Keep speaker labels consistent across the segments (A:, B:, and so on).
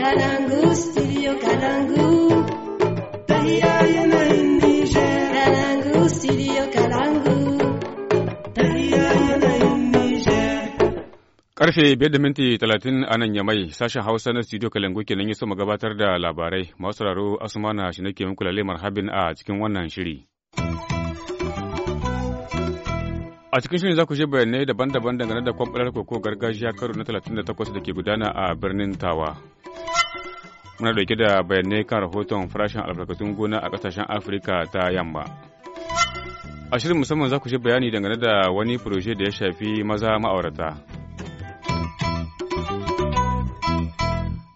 A: Kalangu, studio Kalangu. Tahia yanayin Niger. Kalangu,
B: studio Kalangu. Tahia yanayin Niger.
C: Karfe biyar da minti talatin a nan yamai sashen Hausa na studio Kalangu kenan ya soma gabatar da labarai. Masu sauraro Asumana shi nake muku lalle marhabin a cikin wannan shiri. A cikin shirin za ku shi bayanai daban-daban dangane da kwamfalar koko gargajiya karo na 38 da ke gudana a birnin Tawa. Muna dauke da bayanai kan rahoton farashin albarkatun gona a kasashen Afirka ta yamma. A shirin musamman za ku shi bayani dangane da wani furoje da ya shafi maza ma'aurata.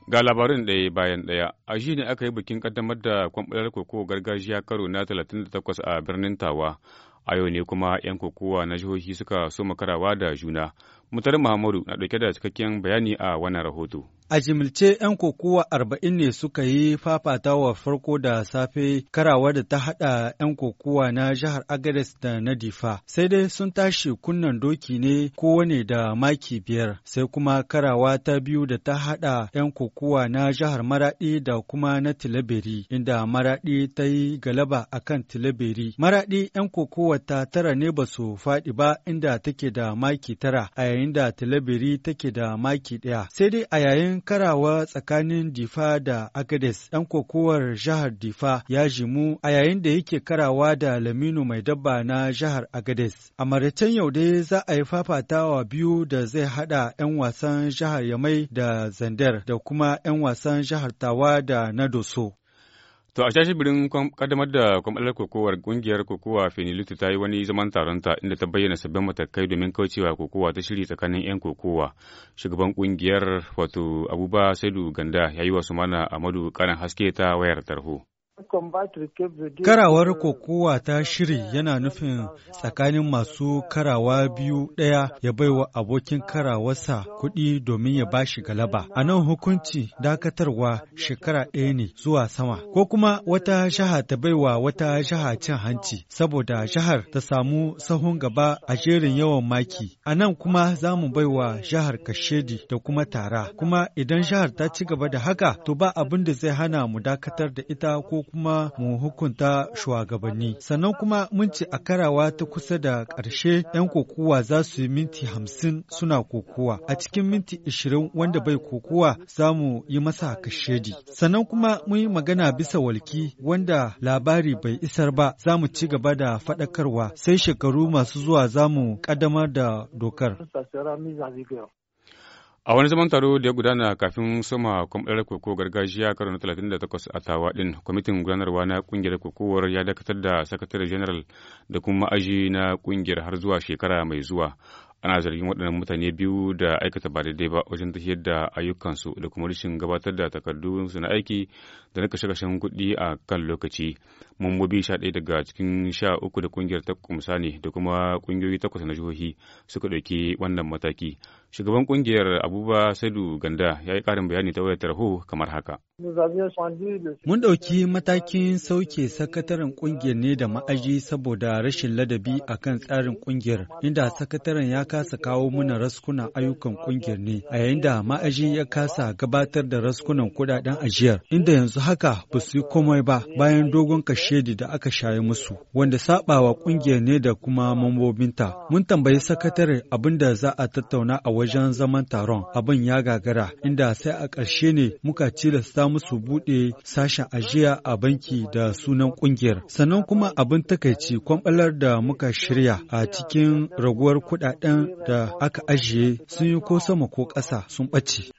C: Ga labarin ɗaya bayan ɗaya, a shi ne aka yi bikin ƙaddamar da kwamfalar koko gargajiya karo na 38 a birnin Tawa. A yau ne kuma 'yan kokowa na jihohi suka so makarawa da juna Mutar Muhammadu na ɗauke da cikakken bayani a wannan rahoto.
B: A jimilce 'yan kokowa arba'in ne suka yi fafatawa farko da safe karawa da ta haɗa 'yan kokowa na jihar Agades da na Difa, sai dai sun tashi kunnan doki ne kowane da maki biyar, sai kuma karawa ta biyu da ta haɗa 'yan kokowa na jihar Maraɗi da kuma na Tilaberi, inda Maraɗi ta yi galaba a kan Tilaberi. Maraɗi 'yan kokowa ta tara ne ba su faɗi ba inda take da maki tara a yayin da Talabiri take da maki ɗaya. Sai dai a yayin karawa tsakanin Difa da Agades ɗan kokowar jihar Difa ya jimu a yayin da yake karawa da Laminu mai dabba na jihar Agades. A Yaude yau dai za a yi fafatawa biyu da zai haɗa 'yan wasan jihar Yamai da Zandar da kuma 'yan wasan jihar Tawa da Nadoso.
C: To a shashi birin kaddamar da kwamfalar kokowa kungiyar kokowa Fenilitu ta yi wani zaman taronta inda ta bayyana sabbin matakai domin kaucewa kokowa ta shirya tsakanin 'yan kokowa. Shugaban kungiyar wato Abuba Saidu Ganda ya yi wa Sumana Amadu karin haske ta wayar tarho.
B: Karawar kokowa ta shiri yana nufin tsakanin masu karawa biyu ɗaya ya baiwa abokin karawarsa kuɗi domin ya ba shi galaba. A nan hukunci dakatarwa shekara ɗaya ne zuwa sama, ko kuma wata shaha ta baiwa wata shaha cin hanci, saboda shahar ta samu sahun gaba a jerin yawan maki. A nan kuma za mu baiwa shahar kashedi da kuma tara, kuma idan shahar ta ci gaba da haka, to ba abin da zai hana mu dakatar da ita ko kuma mu hukunta shugabanni. Sannan kuma mun ci a karawa ta kusa da ƙarshe 'yan kokowa za su yi minti hamsin suna kokowa. A cikin minti ishirin wanda bai kokowa za mu yi masa kashedi. Sannan kuma mun yi magana bisa walki wanda labari bai isar ba za mu ci gaba da faɗakarwa sai shekaru masu zuwa za mu ƙaddamar da dokar.
C: A wani zaman taro da ya gudana kafin sama kwamɗar koko gargajiya karo na 38 a tawa ɗin, kwamitin gudanarwa na ƙungiyar kokowar ya dakatar da sakatare general da kuma ma'aji na ƙungiyar har zuwa shekara mai zuwa. Ana zargin waɗannan mutane biyu da aikata ba daidai ba wajen tafiyar da ayyukansu da kuma rashin gabatar da takardunsu na aiki da na kashe-kashen kuɗi a kan lokaci. Mambobi sha ɗaya daga cikin sha uku da ƙungiyar ta ne da kuma ƙungiyoyi takwas na jihohi suka ɗauki wannan mataki. Shugaban kungiyar Abuba Saidu Ganda ya yi ƙarin bayani ta wayar tarho kamar haka. Mun ɗauki
B: matakin sauke sakataren kungiyar ne da ma'aji saboda rashin ladabi a kan tsarin kungiyar, inda sakataren ya kasa kawo mana raskunan ayyukan kungiyar ne, a yayin da ma'aji ya kasa gabatar da raskunan kuɗaɗen ajiyar, inda yanzu haka ba su yi komai ba bayan dogon kashedi da aka shaye musu, wanda saɓawa kungiyar ne da kuma mambobinta. Mun tambayi sakatare abin da za a tattauna a wajen zaman taron abin ya gagara inda sai a ƙarshe ne muka tilasta musu buɗe sashen ajiya a banki da sunan ƙungiyar. Sannan kuma abin takaici kwamɓalar da muka shirya a cikin raguwar kuɗaɗen da aka ajiye sun yi ko sama ko ƙasa sun ɓace.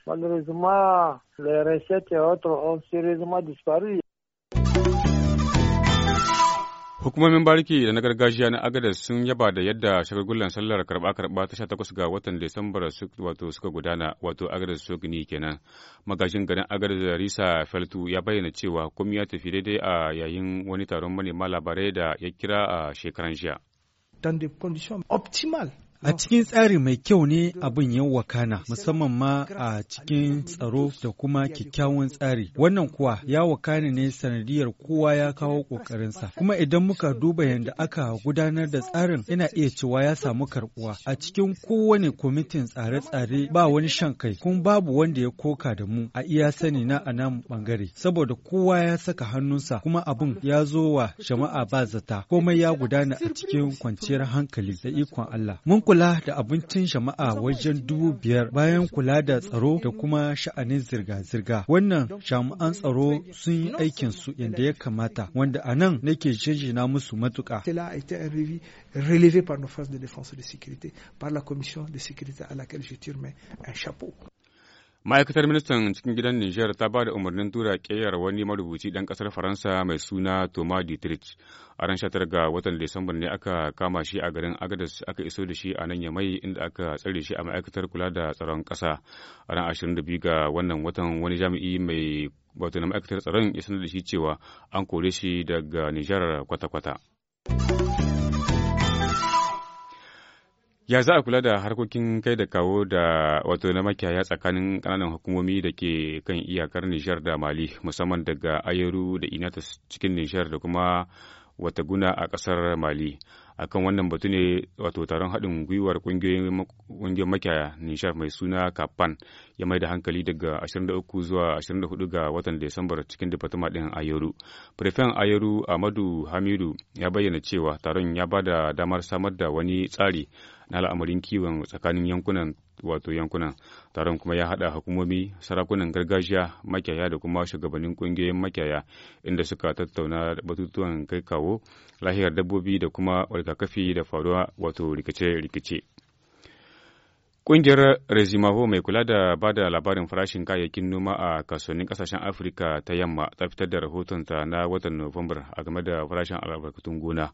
C: Hukumomin barki da na gargajiya na agadar sun yaba da yadda shagulgulan sallar karba-karba ta takwas ga watan Disambar wato suka gudana wato agadar Sogini kenan. Magajin garin agadar Risa Feltu ya bayyana cewa hukumi ya tafi daidai a yayin wani taron manema labarai da ya kira a shekaran jiya.
B: Dans des conditions optimales. A cikin tsari mai kyau ne abin ya wakana, musamman ma a cikin tsaro da kuma kyakkyawan tsari. Wannan kuwa ya wakana ne sanadiyar kowa ya kawo ƙoƙarinsa. Kuma idan muka duba yadda aka gudanar da tsarin ina iya cewa ya samu karbuwa. A cikin kowane kwamitin tsare-tsare ba wani shan kai, kuma babu wanda ya koka da mu a iya sani na a namu ɓangare. Saboda kowa ya saka hannunsa kuma abin ya zo wa jama'a ba zata, komai ya gudana a cikin kwanciyar hankali da ikon Allah. kula da abincin jama'a wajen dubu biyar bayan kula da tsaro da kuma sha'anin zirga-zirga. Wannan jami'an tsaro sun yi aikin su yadda ya kamata, wanda a nan nake jinjina musu matuka Relevé par nos forces
D: de défense et de sécurité, par la commission de sécurité à laquelle je tire un chapeau.
C: Ma'aikatar ministan cikin gidan Nijar ta ba da umarnin tura ƙeyar wani marubuci dan kasar Faransa mai suna Thomas Dietrich. A ran 19 ga watan Disambar ne aka kama shi a garin Agadas aka iso da shi a nan Yamai inda aka tsare shi a ma'aikatar kula da tsaron ƙasa. A ran 22 ga wannan watan wani jami'i mai wato ma'aikatar tsaron ya sanar da shi cewa an kore shi daga Nijar kwata-kwata. Ya za a kula da harkokin kai da kawo da wato na makiyaya tsakanin kananan hukumomi da ke kan iyakar Nijar da Mali musamman daga Ayeru da Inatas cikin Nijar da kuma Wataguna a kasar Mali. Akan wannan batu ne wato taron haɗin gwiwar ƙungiyoyin makiyaya Nijar mai suna Kapan ya mai da hankali daga 23 zuwa 24 ga watan Desambar cikin difatuma ɗin Ayeru. Prefen Ayeru Amadu Hamidu ya bayyana cewa taron ya ba da damar samar da wani tsari na al'amarin kiwon tsakanin yankunan wato yankunan taron kuma ya haɗa hukumomi sarakunan gargajiya makiyaya da kuma shugabannin kungiyoyin makiyaya inda suka tattauna batutuwan kai kawo lahiyar dabbobi da kuma rigakafi da faruwa wato rikice-rikice. Ƙungiyar Rezimavo mai kula da ba da labarin farashin kayayyakin noma a kasuwannin ƙasashen Afirka ta yamma ta fitar da rahotonta na watan Nuwambar a game da farashin albarkatun gona.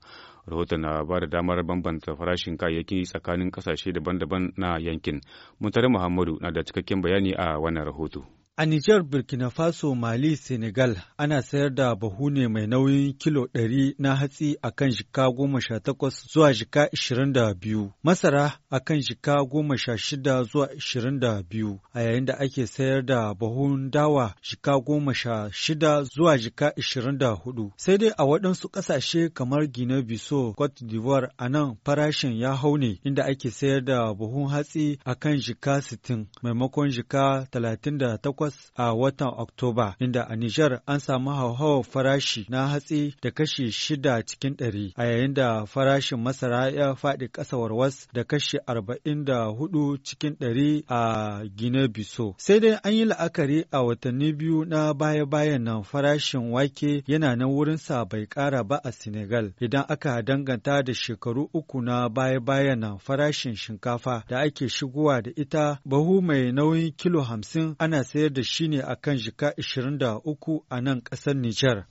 C: Rahoton na ba da damar bambanta farashin kayayyaki tsakanin ƙasashe daban-daban na yankin. Muntare Muhammadu na da cikakken bayani a wannan rahoto.
B: A Nijar, Burkina Faso, Mali, Senegal ana sayar da bahu ne mai nauyin kilo ɗari na hatsi a kan jika goma sha takwas zuwa jika 22, biyu. Masara a kan shika goma sha shida zuwa ashirin da biyu, a yayin da ake sayar da buhun dawa shika goma sha shida zuwa jika ashirin da hudu. Sai dai a waɗansu ƙasashe kamar guinea biso Cote d'Ivoire a nan farashin ya hau ne inda ake sayar da buhun hatsi a kan jika sittin maimakon jika talatin da takwas a watan Oktoba, inda a Nijar an samu hauhawar farashi na hatsi da kashi shida cikin ɗari, a yayin da farashin masara ya faɗi ƙasa warwas da kashi da arba'in hudu cikin ɗari a gine biso, Sai dai an yi la'akari a watanni biyu na baya-bayan nan farashin wake yana nan wurinsa bai ƙara ba a Senegal. Idan aka danganta da shekaru uku na baya-bayan nan farashin shinkafa da ake shigowa da ita bahu mai nauyin kilo hamsin ana sayar da shi ne a kan jika 23 a nan ƙasar Nijar.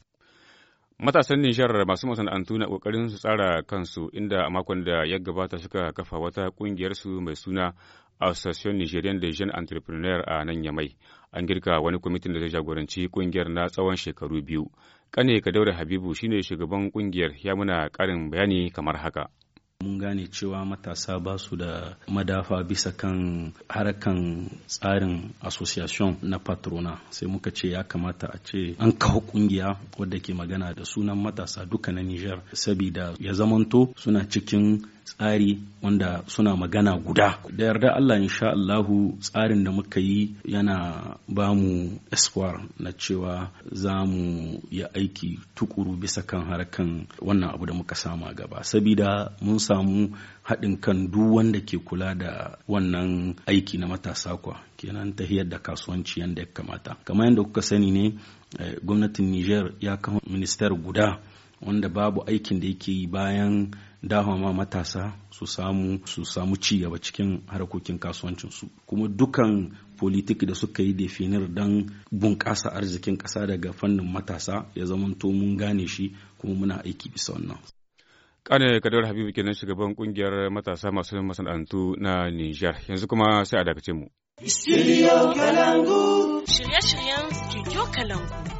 C: Matasan Nijar masu masana'antu na ƙoƙarin su tsara kansu inda a makon da ya gabata suka kafa wata su mai suna Association Nigerian de Jeune Entrepreneur a nan Yamai. An girka wani kwamitin da zai jagoranci ƙungiyar na tsawon shekaru biyu. Kane Kadaura Habibu shine shugaban ƙungiyar ya muna ƙarin bayani kamar haka.
D: mun gane cewa matasa ba su da madafa bisa kan harakan tsarin association na patrona sai muka ce ya kamata a ce an kawo kungiya wadda ke magana da sunan matasa duka na niger sabida ya zamanto suna cikin tsari wanda suna magana guda da yarda Allah insha Allahu tsarin da muka yi yana ba mu espoir na cewa za mu yi aiki tukuru bisa kan harkan wannan abu da muka sama gaba sabida mun samu haɗin kan duk wanda ke kula da wannan aiki na matasa kwa kenan ta da kasuwanci yadda ya kamata kamar yadda kuka sani ne eh, gwamnatin niger ya kama ministar guda wanda babu aikin da yake yi bayan dama ma matasa su samu su samu ci gaba cikin harkokin kasuwancinsu kuma dukan politik da suka yi definir don bunƙasa arzikin ƙasa daga fannin matasa ya zamanto mun gane shi kuma muna aiki bisa wannan
C: kane kadar habibu kenan shugaban kungiyar matasa masu masana'antu na niger yanzu kuma sai a dakace mu
E: shirye-shiryen studio kalangu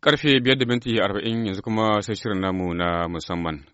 C: Karfe biyar da minti arba'in yanzu kuma sai shirin namu na musamman.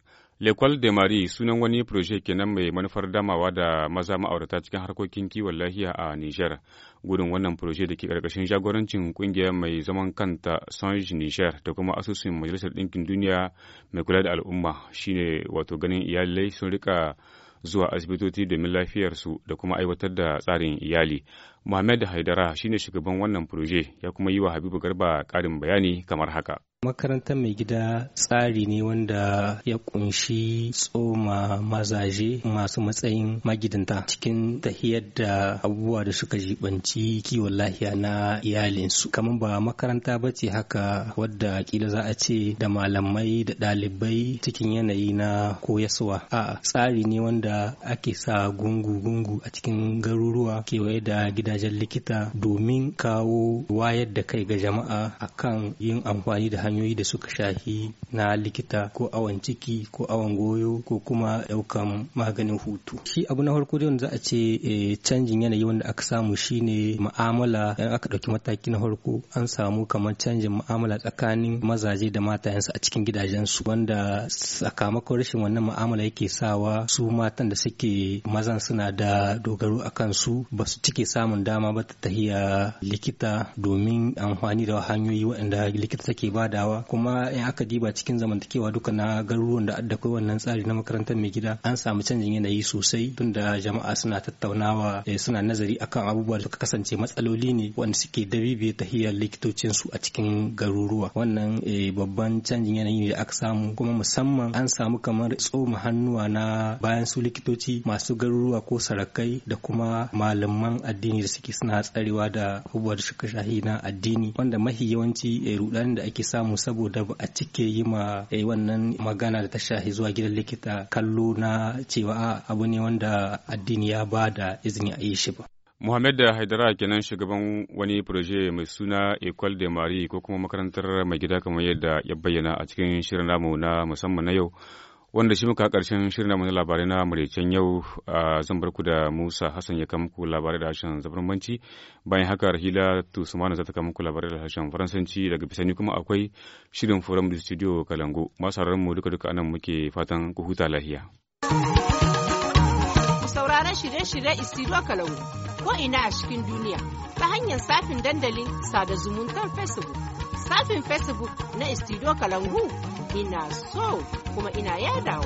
C: Lekwal de Mari sunan wani proje kenan mai manufar damawa da maza ma'aurata cikin harkokin kiwon lafiya a niger Gudun wannan proje da ke ƙarƙashin jagorancin ƙungiyar mai zaman kanta Sanj niger da kuma asusun Majalisar Ɗinkin Duniya mai kula da al'umma shine wato ganin iyalai sun rika zuwa asibitoci domin lafiyarsu da kuma aiwatar da tsarin iyali. Muhammad Haidara shine shugaban wannan proje ya kuma yi wa Habibu Garba ƙarin bayani kamar haka.
A: Makarantar mai gida tsari ne wanda ya kunshi tsoma mazaje masu matsayin magidanta cikin tahiyar da abubuwa da suka jibanci kiwon lahiya na iyalinsu. Kamar ba makaranta ba ce haka wadda kila za a ce da malamai da ɗalibai cikin yanayi na koyaswa. A tsari ne wanda ake sa gungu-gungu a cikin garuruwa kewaye da gidajen likita domin kawo wayar da kai ga jama'a akan yin amfani da hanyoyi hanyoyi da suka shahi na likita ko awon ciki ko awon goyo ko kuma daukan maganin hutu shi abu na farko dai za a ce eh, canjin yanayi wanda aka samu shine mu'amala idan aka dauki mataki na farko an samu kamar canjin mu'amala tsakanin mazaje da matayensu a cikin gidajensu wanda sakamakon rashin wannan mu'amala yake sawa su matan da suke mazan suna da dogaro a kansu ba su cike samun dama ba ta tahiya likita domin amfani da hanyoyi waɗanda likita take da. kulawa kuma in aka diba cikin zamantakewa duka na garuruwan da adda wannan tsari na makarantar mai gida an samu canjin yanayi sosai tun da jama'a suna tattaunawa eh, suna nazari akan abubuwa da suka kasance matsaloli ne wanda suke dabibiye tahiyar likitocin su a cikin garuruwa wannan eh, babban canjin yanayi ne da aka samu kuma musamman an samu kamar tsoma hannuwa na bayan su likitoci masu garuruwa ko sarakai da kuma malaman addini da suke suna tsarewa da abubuwa da suka shahi na addini wanda mahi yawanci eh, rudanin da ake samu mu saboda ba a cike yi ma eh, wannan magana da ta shahi zuwa gidan likita kallo na cewa abu ne wanda addini ya ba da izini a yi shi ba.
C: Muhammad da Haidara kenan shugaban wani proje mai suna Ecole de Marie ko kuma makarantar mai gida kamar yadda ya bayyana a cikin shirin namu na musamman na yau. wanda shi muka karshen shirin da labarai na maraicen yau a zan barku da musa hassan ya kama muku labarai da harshen zabarmanci bayan haka rahila tusumana za ta kama muku labarai da harshen faransanci daga bisani kuma akwai shirin forum da studio kalango masu mu duka duka anan muke fatan ku huta lahiya
A: sauraron shirye-shirye istiro kalango ko ina a cikin duniya ta hanyar safin dandalin sada zumuntar facebook Safin facebook na istido kalangu ina so kuma ina yadawa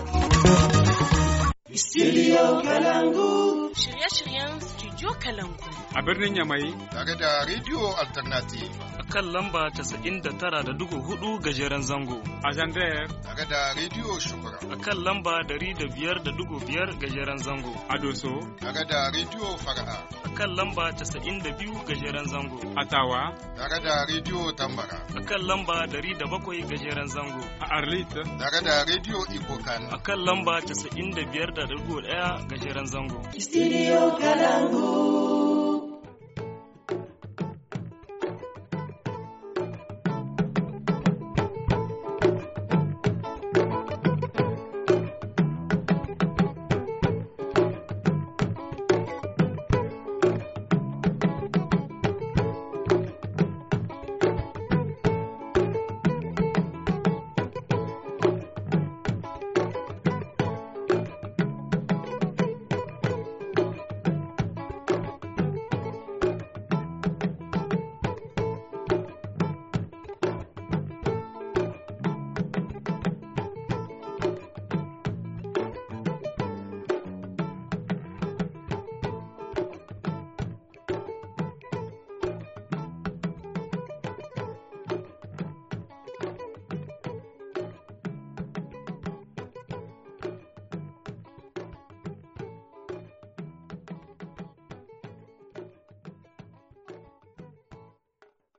A: Studio
E: Kalangu.
A: Shirye-shiryen
E: Studio Kalangu. A birnin Yamai. Tare da Radio Alternative. kan lamba 99.4 gajeren zango. A Zandayar. Tare da Radio Shukura. A kan lamba 105.5 gajeren zango. A Doso. Tare da Radio Fara'a. A kan lamba 92 gajeren zango. A Tawa. Tare da Radio Tambara. A kan lamba 107 gajeren zango. A Arlita. Tare da Radio Ibokan. A kan lamba 95.1
A: gajeren zango. Studio Kalangu.